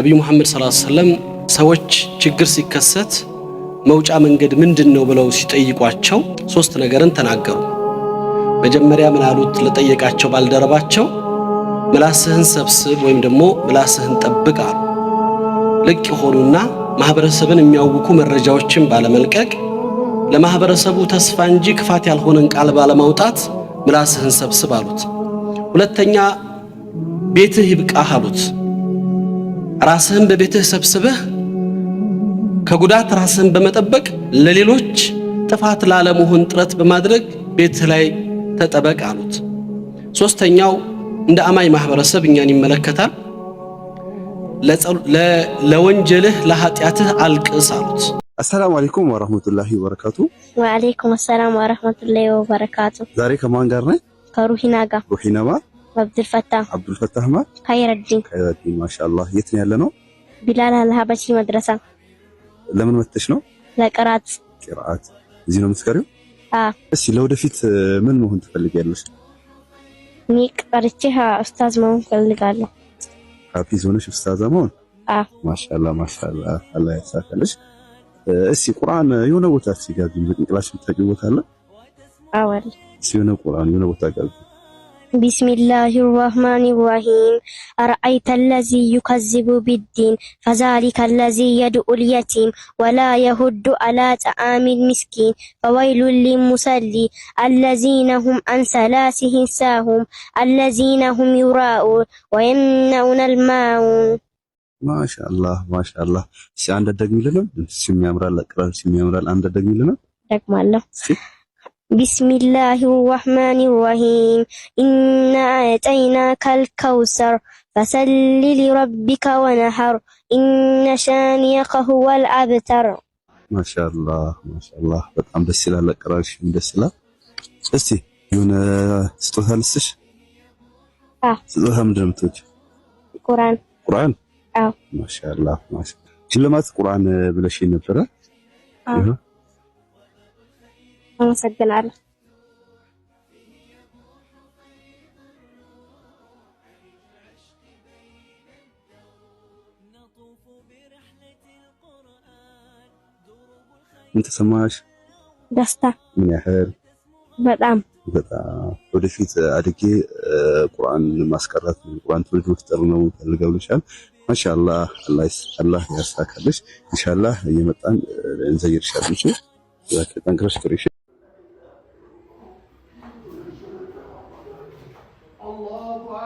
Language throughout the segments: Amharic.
ነቢዩ ሙሐመድ ሰለላሁ ዐለይሂ ወሰለም ሰዎች ችግር ሲከሰት መውጫ መንገድ ምንድን ነው ብለው ሲጠይቋቸው ሶስት ነገርን ተናገሩ። መጀመሪያ ምን አሉት? ለጠየቃቸው ባልደረባቸው ምላስህን ሰብስብ ወይም ደግሞ ምላስህን ጠብቅ አሉ። ልቅ የሆኑና ማህበረሰብን የሚያውኩ መረጃዎችን ባለመልቀቅ ለማህበረሰቡ ተስፋ እንጂ ክፋት ያልሆነን ቃል ባለማውጣት ምላስህን ሰብስብ አሉት። ሁለተኛ ቤትህ ይብቃህ አሉት። ራስህን በቤትህ ሰብስበህ ከጉዳት ራስህን በመጠበቅ ለሌሎች ጥፋት ላለመሆን ጥረት በማድረግ ቤትህ ላይ ተጠበቅ አሉት። ሶስተኛው እንደ አማኝ ማህበረሰብ እኛን ይመለከታል። ለወንጀልህ ለኃጢአትህ አልቅስ አሉት። አሰላሙ አለይኩም ወራህመቱላሂ ወበረካቱ። ወአለይኩም አሰላም ወራህመቱላሂ ወበረካቱ። ዛሬ ከማን ጋር ነህ? ከሩሂና ጋር። ሩሂና ማለት አብዱልፈታህ አብዱልፈታህ ማ ኸይረዲን ኸይረዲን ማሻአላህ የት ነው ያለ ነው ቢላል አልሀበሺ መድረሳ ለምን መተሽ ነው ለቅራት ቅራት እዚህ ነው የምትቀሪው አዎ እሺ ለወደፊት ምን መሆን ትፈልጊያለሽ እኔ ቀርቼ ኡስታዝ መሆን ፈልጋለሁ ሀፊዝ ሆነሽ ኡስታዝ መሆን አዎ ማሻአላህ አላህ ያሳካልሽ እሺ ቁርአን የሆነ ቦታ ሲጋዝ ምን ጥላሽ ቦታ አለ አዎ አለ ቁርአን የሆነ ቦታ ጋር بسم الله الرحمن الرحيم أرأيت الذي يكذب بالدين فذلك الذي يدعو اليتيم ولا يهد على طعام المسكين فويل للمصلي الذين هم عن صلاتهم ساهم الذين هم يراءون ويمنعون الماعون ማሻ አላህ ማሻ አላህ። እስኪ አንድ ደግሚልን። ስም ያምራል፣ አቅራር ስም ያምራል። አንድ الله سي بسم الله الرحمن الرحيم إنا آتيناك الكوثر فسل لربك ونحر إن شانيك هو الأبتر ما شاء الله ما شاء الله بطعم لك لقراش من دسلا استي يونا ستوها لسش اه ستوها من دمتوج قرآن قرآن اه ما شاء الله ما شاء الله كلمات قرآن بلا شيء نبتره اه አመሰግናለሁ። ምን ተሰማሽ? ደስታ። ምን ያህል? በጣም በጣም። ወደፊት አድጌ ቁርአን ማስቀራት ቁርአን ትውልድ መፍጠር ነው ፈልገው ልሻል። ማሻአላህ አላህ ያሳካልሽ። ኢንሻአላህ እየመጣን እንዘይርሻለን። ጠንክረሽ ትሪሽ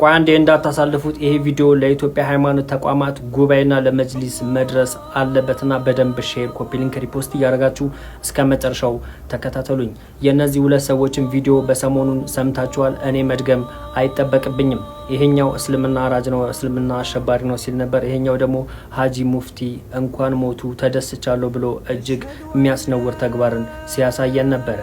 ቆይ አንዴ እንዳታሳልፉት። ይሄ ቪዲዮ ለኢትዮጵያ ሃይማኖት ተቋማት ጉባኤና ለመጅሊስ መድረስ አለበትና በደንብ ሼር፣ ኮፒ ሊንክ፣ ሪፖስት እያደረጋችሁ እስከ መጨረሻው ተከታተሉኝ። የእነዚህ ሁለት ሰዎችን ቪዲዮ በሰሞኑን ሰምታችኋል። እኔ መድገም አይጠበቅብኝም። ይሄኛው እስልምና አራጅ ነው፣ እስልምና አሸባሪ ነው ሲል ነበር። ይሄኛው ደግሞ ሀጂ ሙፍቲ እንኳን ሞቱ ተደስቻለሁ ብሎ እጅግ የሚያስነውር ተግባርን ሲያሳየን ነበረ።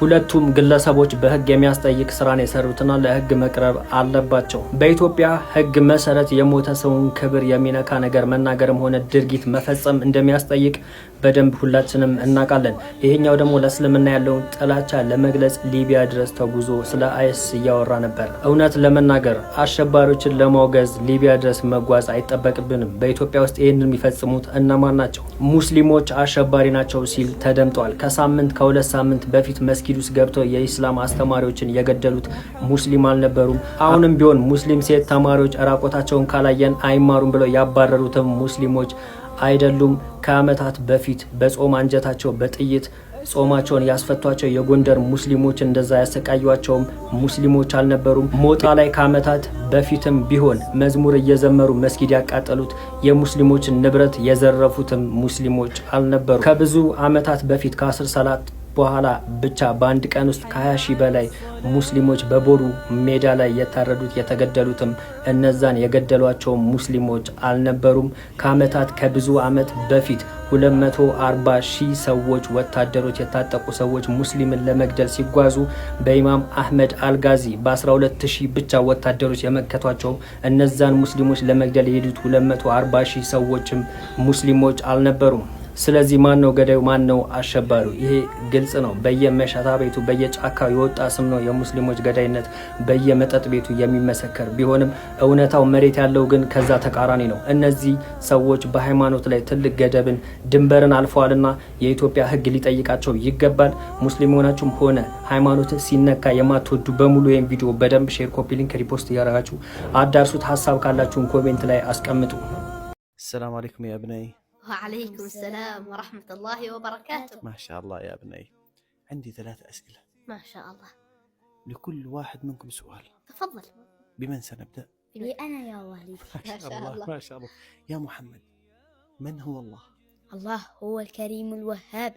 ሁለቱም ግለሰቦች በህግ የሚያስጠይቅ ስራን የሰሩትና ለህግ መቅረብ አለባቸው። በኢትዮጵያ ህግ መሰረት የሞተ ሰውን ክብር የሚነካ ነገር መናገርም ሆነ ድርጊት መፈጸም እንደሚያስጠይቅ በደንብ ሁላችንም እናውቃለን። ይሄኛው ደግሞ ለእስልምና ያለውን ጥላቻ ለመግለጽ ሊቢያ ድረስ ተጉዞ ስለ አይስ እያወራ ነበር። እውነት ለመናገር አሸባሪዎችን ለማውገዝ ሊቢያ ድረስ መጓዝ አይጠበቅብንም። በኢትዮጵያ ውስጥ ይህንን የሚፈጽሙት እነማን ናቸው? ሙስሊሞች አሸባሪ ናቸው ሲል ተደምጧል። ከሳምንት ከሁለት ሳምንት በፊት መስ መስጊድ ውስጥ ገብተው የኢስላም አስተማሪዎችን የገደሉት ሙስሊም አልነበሩም። አሁንም ቢሆን ሙስሊም ሴት ተማሪዎች ራቆታቸውን ካላየን አይማሩም ብለው ያባረሩትም ሙስሊሞች አይደሉም። ከዓመታት በፊት በጾም አንጀታቸው በጥይት ጾማቸውን ያስፈቷቸው የጎንደር ሙስሊሞች እንደዛ ያሰቃዩቸውም ሙስሊሞች አልነበሩም። ሞጣ ላይ ከዓመታት በፊትም ቢሆን መዝሙር እየዘመሩ መስጊድ ያቃጠሉት የሙስሊሞችን ንብረት የዘረፉትም ሙስሊሞች አልነበሩም። ከብዙ ዓመታት በፊት ከአስር ሰላት በኋላ ብቻ በአንድ ቀን ውስጥ ከ20 ሺህ በላይ ሙስሊሞች በቦሩ ሜዳ ላይ የታረዱት የተገደሉትም እነዛን የገደሏቸው ሙስሊሞች አልነበሩም። ከአመታት ከብዙ አመት በፊት 240 ሺህ ሰዎች ወታደሮች የታጠቁ ሰዎች ሙስሊምን ለመግደል ሲጓዙ በኢማም አህመድ አልጋዚ በ12 ሺህ ብቻ ወታደሮች የመከቷቸው እነዛን ሙስሊሞች ለመግደል የሄዱት 240 ሺህ ሰዎችም ሙስሊሞች አልነበሩም። ስለዚህ ማን ነው ገዳዩ? ማን ነው አሸባሪው? ይሄ ግልጽ ነው። በየመሸታ ቤቱ በየጫካው የወጣ ስም ነው የሙስሊሞች ገዳይነት በየመጠጥ ቤቱ የሚመሰከር ቢሆንም እውነታው መሬት ያለው ግን ከዛ ተቃራኒ ነው። እነዚህ ሰዎች በሃይማኖት ላይ ትልቅ ገደብን ድንበርን አልፈዋልና የኢትዮጵያ ሕግ ሊጠይቃቸው ይገባል። ሙስሊም ሆናችሁም ሆነ ሃይማኖት ሲነካ የማትወዱ በሙሉ ወይም ቪዲዮ በደንብ ሼር፣ ኮፒ ሊንክ፣ ሪፖስት እያረጋችሁ አዳርሱት። ሀሳብ ካላችሁን ኮሜንት ላይ አስቀምጡ። ሰላም አለይኩም ያብናይ وعليكم السلام ورحمة الله وبركاته ما شاء الله يا ابني عندي ثلاث أسئلة ما شاء الله لكل واحد منكم سؤال تفضل بمن سنبدأ؟ بي أنا يا والدي ما شاء الله ما شاء الله يا محمد من هو الله؟ الله هو الكريم الوهاب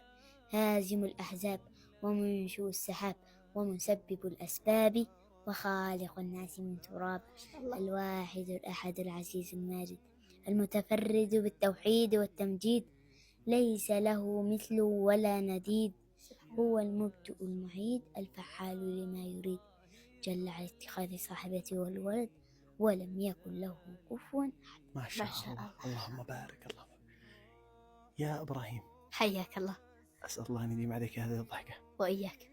هازم الأحزاب ومنشو السحاب ومسبب الأسباب وخالق الناس من تراب الواحد الأحد العزيز الماجد المتفرد بالتوحيد والتمجيد ليس له مثل ولا نديد هو المبدئ المعيد الفعال لما يريد جل على اتخاذ صاحبته والولد ولم يكن له كفوا أحد ما شاء, الله. الله اللهم بارك الله يا إبراهيم حياك الله أسأل الله أن يديم عليك هذه الضحكة وإياك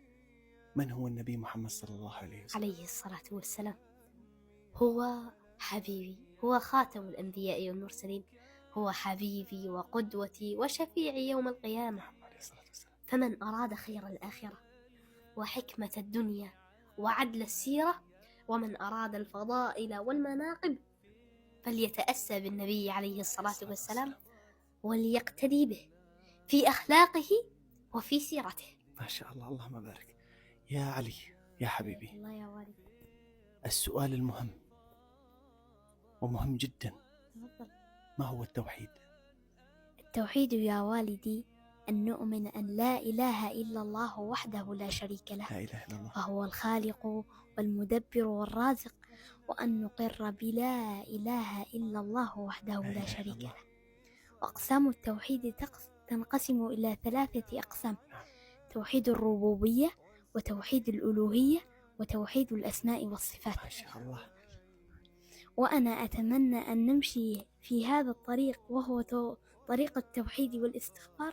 من هو النبي محمد صلى الله عليه وسلم عليه الصلاة والسلام هو حبيبي هو خاتم الأنبياء والمرسلين هو حبيبي وقدوتي وشفيعي يوم القيامة فمن أراد خير الآخرة وحكمة الدنيا وعدل السيرة ومن أراد الفضائل والمناقب فليتأسى بالنبي عليه الصلاة والسلام وليقتدي به في أخلاقه وفي سيرته ما شاء الله اللهم بارك يا علي يا حبيبي الله يا والد السؤال المهم ومهم جدا ما هو التوحيد التوحيد يا والدي أن نؤمن أن لا إله إلا الله وحده لا شريك له لا إله إلا الله وهو الخالق والمدبر والرازق وأن نقر بلا إله إلا الله وحده لا, لا شريك له وأقسام التوحيد تنقسم إلى ثلاثة أقسام نعم. توحيد الربوبية وتوحيد الألوهية وتوحيد الأسماء والصفات ما شاء الله وأنا أتمنى أن نمشي في هذا الطريق وهو طريق التوحيد والاستغفار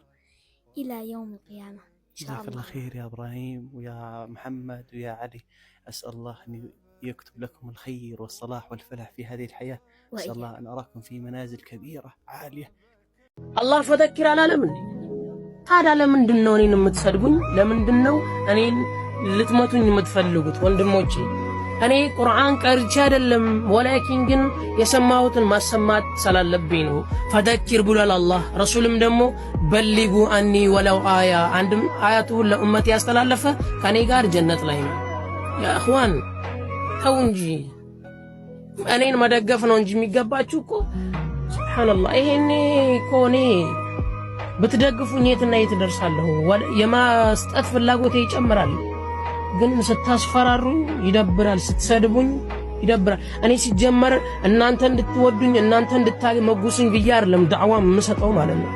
إلى يوم القيامة جزاك الله خير يا إبراهيم ويا محمد ويا علي أسأل الله أن يكتب لكم الخير والصلاح والفلاح في هذه الحياة وإيه. أسأل الله أن أراكم في منازل كبيرة عالية الله فذكر على لمن هذا لمن دنوني نمت سلبون لمن دنو እኔን لتمتوني የምትፈልጉት ወንድሞቼ እኔ ቁርአን ቀርቼ አይደለም፣ ወላኪን ግን የሰማሁትን ማሰማት ስላለብኝ ነው። ፈደኪር ብሏል አላህ። ረሱልም ደግሞ በሊጉ አኒ ወለው አያ አንድም አያቱን ለኡመት ያስተላለፈ ከኔ ጋር ጀነት ላይ ነው። ያ እኽዋን ተው እንጂ እኔን መደገፍ ነው እንጂ የሚገባችሁ እኮ ሱብሓነላህ። ይሄኔ እኮ እኔ ብትደግፉኝ የትና የት እደርሳለሁ? የማስጠት ፍላጎቴ ይጨምራል። ግን ስታስፈራሩኝ ይደብራል፣ ስትሰድቡኝ ይደብራል። እኔ ሲጀመር እናንተ እንድትወዱኝ እናንተ እንድታመጉሱኝ ብዬ አይደለም ዳዕዋ የምሰጠው ማለት ነው።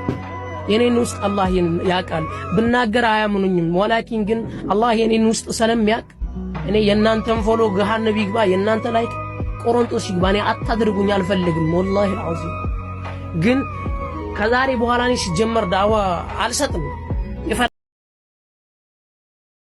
የኔን ውስጥ አላህ ያውቃል። ብናገር አያምኑኝም። ወላኪን ግን አላህ የኔን ውስጥ ስለሚያውቅ እኔ የእናንተን ፎሎ ገሃነብ ይግባ፣ የእናንተ ላይክ ቆሮንጦስ ይግባ። እኔ አታድርጉኝ አልፈልግም። ወላሂ አልዓዚም ግን ከዛሬ በኋላ እኔ ሲጀመር ዳዕዋ አልሰጥም።